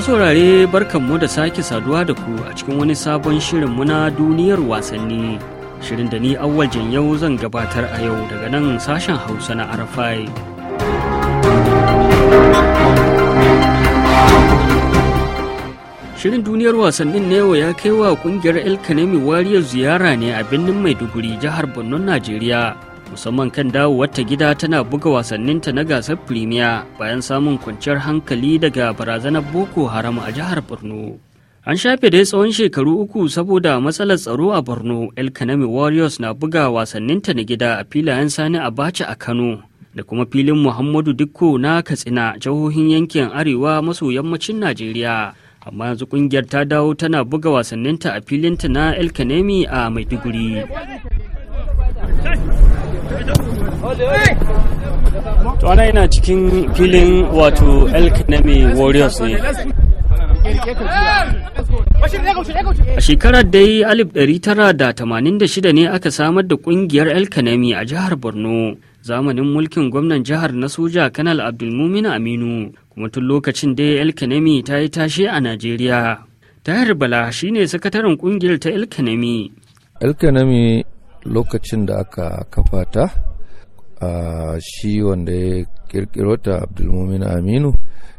Masu wurare barkanmu da sake saduwa da ku a cikin wani sabon shirin na duniyar wasanni. Shirin da ni awwal yau zan gabatar a yau daga nan sashen Hausa na Arafai. Shirin duniyar wasannin na yau ya kai wa kungiyar El Kanemi wariyar ziyara ne a birnin Maiduguri jihar Borno, Najeriya. musamman kan dawowarta gida tana buga wasanninta na gasar firimiya bayan samun kwanciyar hankali daga barazanar Boko Haram a jihar Borno. An shafe dai tsawon shekaru uku saboda matsalar tsaro a Borno, El Kanami Warriors na buga wasanninta na gida a filayen Sani Abacha a Kano da kuma filin Muhammadu Dikko na Katsina, jihohin yankin Arewa maso yammacin Najeriya. amma yanzu kungiyar ta dawo tana buga wasanninta a filinta na El kanami a Maiduguri. to ana yana cikin filin wato el kaname warriors ne a shekarar dai 1986 ne aka samar da kungiyar el a jihar borno zamanin mulkin gwamnan jihar na soja kanal abdulmumin aminu kuma tun lokacin dai el kanami ta yi tashe a najeriya tahir bala shine sakataren kungiyar ta elkanami elkanami lokacin da aka kafa ta a shi wanda ya kirkiro ta abdulmumin aminu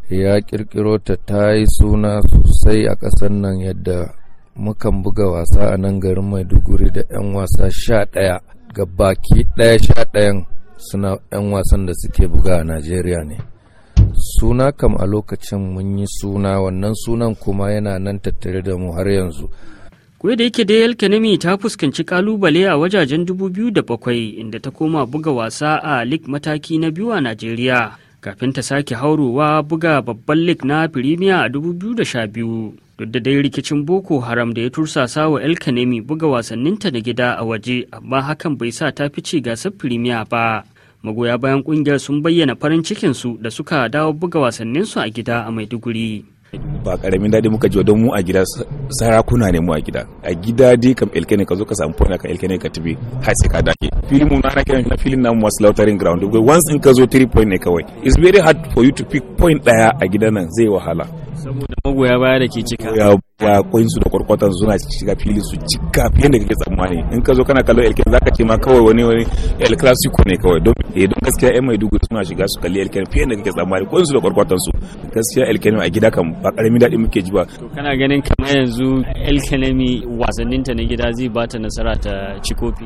ya kirkiro ta ta yi suna sosai a ƙasar nan yadda mukan buga wasa a nan garin maiduguri da 'yan wasa sha ɗaya ga baki ɗaya sha ɗayan suna 'yan wasan da suke buga a najeriya ne suna kam a lokacin mun yi suna wannan sunan kuma yana nan tattare da mu har yanzu Kwai da yake dai Elkenemi ta fuskanci kalubale a wajajen 2007 inda ta koma buga wasa a lig mataki na biyu a Najeriya kafin ta sake haurowa buga babban lig na Firimiya a 2012. Duk da dai rikicin Boko Haram da ya tursasa wa Elkenemi buga wasanninta na gida a waje amma hakan bai sa ta fice gasar Firimiya ba. Magoya bayan kungiyar sun bayyana farin cikinsu da suka dawo buga wasanninsu a gida a Maiduguri. ba karamin dadi muka ji don mu a gida sarakuna ne mu a gida a gida dai kam elke ne ka zo ka samu fona kan ne ka tibi har sai ka dake filin mu na kiran na filin namu masu lautarin ground once in ka zo 3 point ne kawai it's very hard for you to pick point daya a gida nan zai wahala saboda magoya baya da ke cika ya kwayoyin su da kwarkwatan suna shiga fili su cika fiye da kake tsammani in ka zo kana kallon elken zaka ce ma kawai wani wani el clasico ne kawai don eh don gaskiya yan maiduguri suna shiga su kalli elken fiye da kake tsammani kwayoyin su da kwarkwatan su gaskiya elken a gida kan ba karami dadi muke ji ba to kana ganin kamar yanzu elken mi wasannin ta na gida zai bata nasara ta ci kofi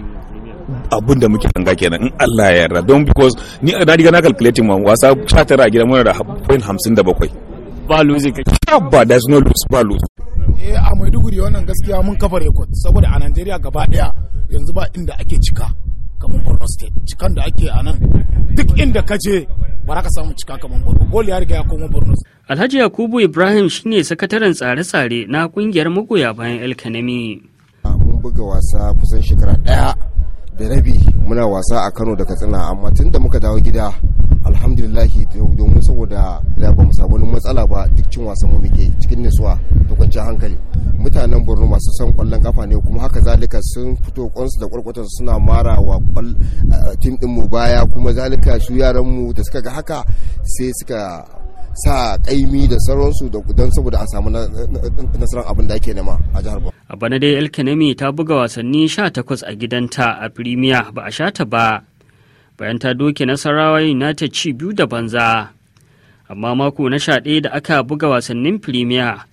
abun da muke hanga kenan in Allah ya yarda don because ni na riga na calculating ma wasa 19 a gida muna da point 57 ba lose kake ba da no lose ba lose eh a Maiduguri wannan gaskiya mun kafa record saboda a Najeriya gaba daya yanzu ba inda ake cika kamar Borno state cikan da ake a nan duk inda ka je ba za ka samu cika kamar Borno gol ya riga ya koma Borno Alhaji Yakubu Ibrahim shine sakataren tsare-tsare na kungiyar magoya bayan El Kanemi ah, mun buga wasa kusan shekara daya da rabi muna wasa a Kano da Katsina amma tun da muka dawo gida alhamdulillah da mu saboda da ba mu samu wani matsala ba duk cin wasan mu muke cikin nutsuwa da kwanciyar hankali mutanen borno masu son kwallon kafa ne kuma haka zalika sun fito kwansu da kwalkwatar suna mara wa eh, tim din mu baya kuma zalika su yaran mu da suka ga haka sai suka sa kaimi da sauransu don saboda a samu nasarar abin da ake nema a jihar ba. A bana dai Elkenemi ta buga wasanni 18 a gidanta a Premier ba a sha ta ba. Bayan ta doke Nasarawa United ci biyu da banza. amma mako na sha ɗaya da aka buga wasannin firimiya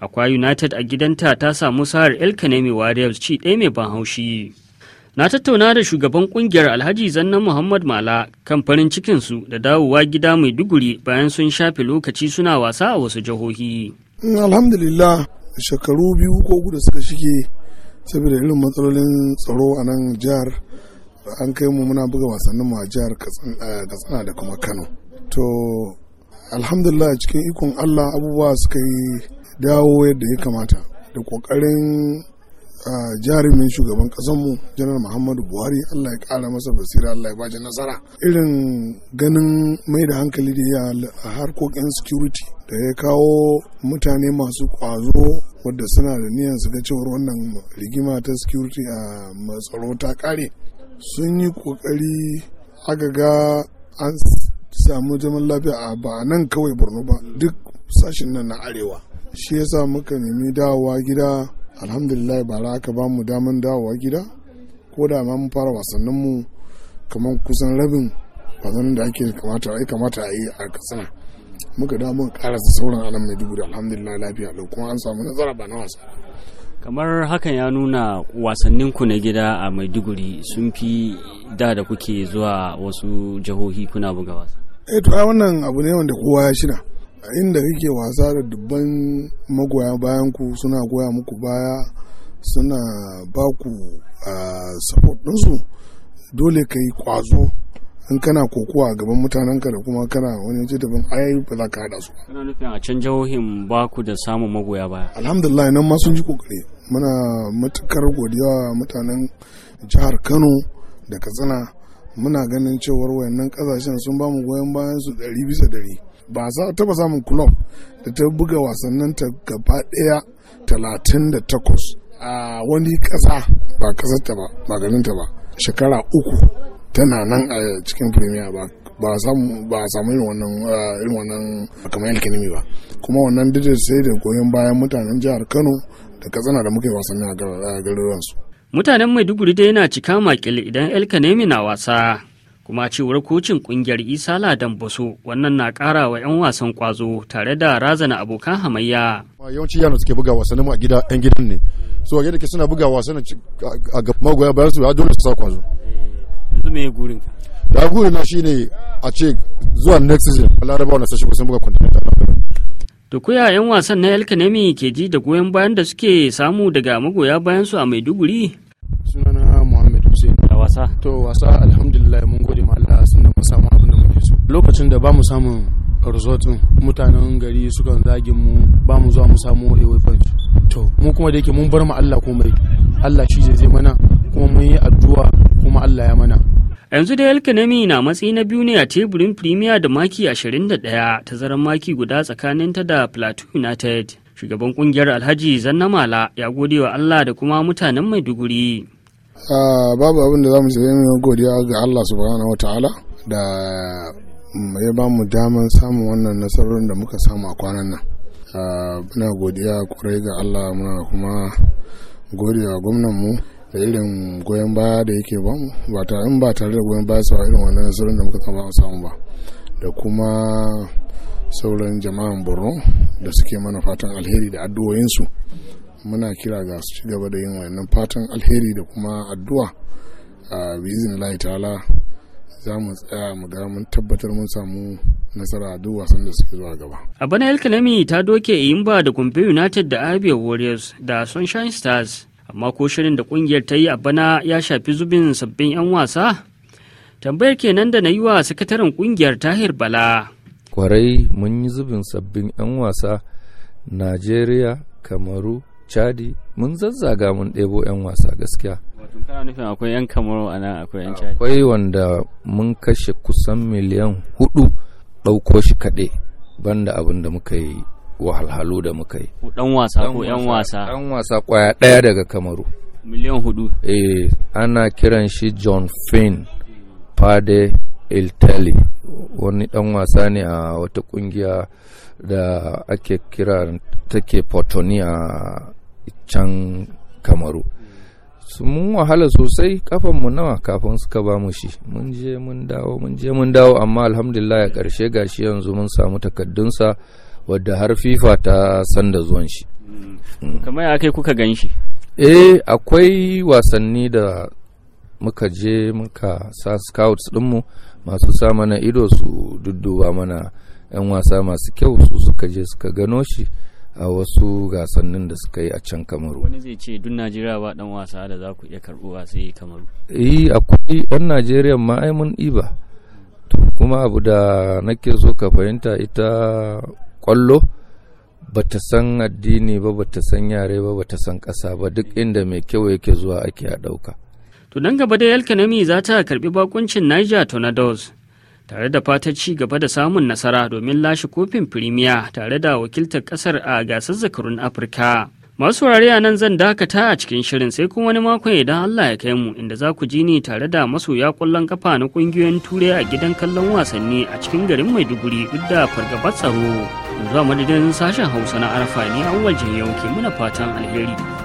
akwai united a gidanta ta samu sahar elkane mai warriors ci ɗaya mai ban haushi na tattauna da shugaban kungiyar alhaji zannan muhammad mala kan farin cikinsu da dawowa gida mai duguri bayan sun shafe lokaci suna wasa a wasu jihohi alhamdulillah shekaru biyu ko da suka shige saboda irin matsalolin tsaro a nan jihar an kai mu muna buga wasannin mu a jihar eh, katsina da kuma kano to alhamdulillah cikin ikon allah abubuwa suka yi dawo yadda ya kamata da kokarin jarumin shugaban mu janar muhammadu buhari allah ya kara masa basira allah ya baje nasara irin ganin mai da hankali da ya a harkokin security da ya kawo mutane masu ƙwazo wadda suna da niyan su ga cewar wannan rigima ta security a matsaro ta kare sun yi kokari agaga ga an samu zaman lafiya ba nan kawai borno ba duk sashen nan na arewa shi yasa muka nemi dawowa gida alhamdulillah bara aka ba mu daman dawowa gida ko da ma mun fara wasannin mu kamar kusan rabin wasannin da ake kamata a kamata a yi a kasa muka da muka karasa sauran anan maiduguri alhamdulillah lafiya da kuma an samu nazara ba na wasa kamar hakan ya nuna wasannin ku na gida a maiduguri sun fi da da kuke zuwa wasu jihohi kuna buga wasa eh to wannan abu ne wanda kowa ya a inda kake wasa da dubban magoya bayan ku suna goya muku baya suna ba ku support ɗinsu dole ka yi kwazo in kana kokowa a gaban ka da kuma kana wani ce daban ayayi ba za ka hada su. Kana nufin a can jihohin ba ku da samun magoya baya. Alhamdulillah nan ma sun ji kokari muna matukar godiya mutanen jihar Kano da Katsina muna ganin cewar wayannan kasashen sun ba mu goyon bayan su ɗari bisa ɗari ba sa taba samun kulob da ta buga wasannin ta gaba ɗaya talatin da takwas a wani ƙasa ba ƙasar ta ba ba ganin ta ba shekara uku tana nan a cikin premier ba ba samu ba samu irin wannan eh, irin wannan kamar alkinimi ba kuma wannan didi sai da goyon bayan mutanen jihar Kano da Katsina da muke wasanni a garuruwansu Mutanen Maiduguri dai yana cika makil idan elka Elkanemi na wasa. Kuma cewar kocin kungiyar Isa Ladan Boso wannan na kara wa 'yan wasan kwazo tare da razana abokan hamayya. Yawanci yana suke buga wasanninmu a gida 'yan gidan ne. So yadda ke suna buga wasan a ga magoya bayan su dole su sa kwazo eh, Yanzu me gurin Da gurin na shine a ce zuwa next season Larabawa na sashi kusan buga continental da kuya 'yan wasan na elkanemi ke ji da goyon bayan da suke samu daga magoya bayan su a maiduguri wasa to wasa alhamdulillah mun gode ma Allah sun da mun samu abin da muke so lokacin da ba mu samun resortin mutanen gari sukan zage mu ba mu zuwa mu samu away punch to mu kuma da yake mun bar mu Allah komai Allah shi zai mana kuma mun yi addu'a kuma Allah ya mana yanzu da elkanami na matsayi na biyu ne a teburin premier da maki 21 zaran maki guda tsakanin ta da plateau united shugaban kungiyar alhaji zanna mala ya gode wa allah da kuma mutanen maiduguri Ah, babu abin da za mu tsaye mai godiya ga Allah subhanahu wa ta'ala da ya ba mu daman samun wannan nasarorin da muka samu a kwanan nan ah, muna godiya kurai ga Allah muna kuma godiya gwamnan mu da irin goyon baya da yake ba mu ba tare in ba tare da goyon baya sa irin wannan nasarorin da muka samu ba da kuma sauran jama'an borno da suke mana fatan alheri da addu'o'insu muna kira ga su ci gaba da yin wannan fatan alheri da kuma addu'a a bizin tala za mu tsaya mu ga mun tabbatar mun samu nasara a duk wasan da suke zuwa gaba. A bana kalami ta doke Imba da kumfe United da Abia Warriors da Sunshine Stars amma ko shirin da kungiyar ta yi a bana ya shafi zubin sabbin 'yan wasa? Tambayar kenan da na yi wa sakataren kungiyar Tahir Bala. Kwarai mun yi zubin sabbin 'yan wasa Najeriya, Kamaru, chadi mun zazzaga mun ɗebo 'yan wasa gaskiya nufin akwai 'yan kamaru a nan akwai 'yan chadi akwai wanda mun kashe kusan miliyan hudu ɗauko shi kaɗe. banda abin da muka yi wahalhalu da muka yi dan wasa ko 'yan wasa dan wasa kwaya ɗaya daga kamaru miliyan hudu eh ana kiran shi john finn fade iltali wani dan wasa ne a wata kungiya da ake kira take potoni can kamaru mun wahala sosai kafanmu nawa kafin suka ba mu shi mun je mun dawo mun je mun dawo amma alhamdulillah ya karshe gashi yanzu mun samu takaddunsa wadda har fifa ta san da zuwan shi mm. kamar ya kai kuka gan shi eh akwai wasanni da muka je muka sa scouts dinmu masu sa mana ido su dudduba mana 'yan wasa masu kyau su suka je suka gano shi a wasu gasannin da suka yi a can kamaru wani zai ce duk najeriya ba dan wasa da za ku iya karbuwa sai kamaru eh akwai yan najeriya ma ai mun iba kuma abu da nake so ka fahimta ita kwallo bata san addini ba bata san yare ba bata san kasa ba duk inda mai kyau yake zuwa ake a ɗauka. to nan gaba da yalkanami za ta karbi bakuncin niger tornadoes tare da fatar ci gaba da samun nasara domin lashe kofin firimiya tare da wakiltar kasar a gasar zakarun afirka masu wurare a nan zan dakata a cikin shirin sai kuma wani makon idan allah ya kai mu inda za ku ji ni tare da masoya kwallon kafa na kungiyoyin turai a gidan kallon wasanni a cikin garin maiduguri duk da fargabar tsaro yanzu madadin sashen hausa na arafa ne an wajen yau ke muna fatan alheri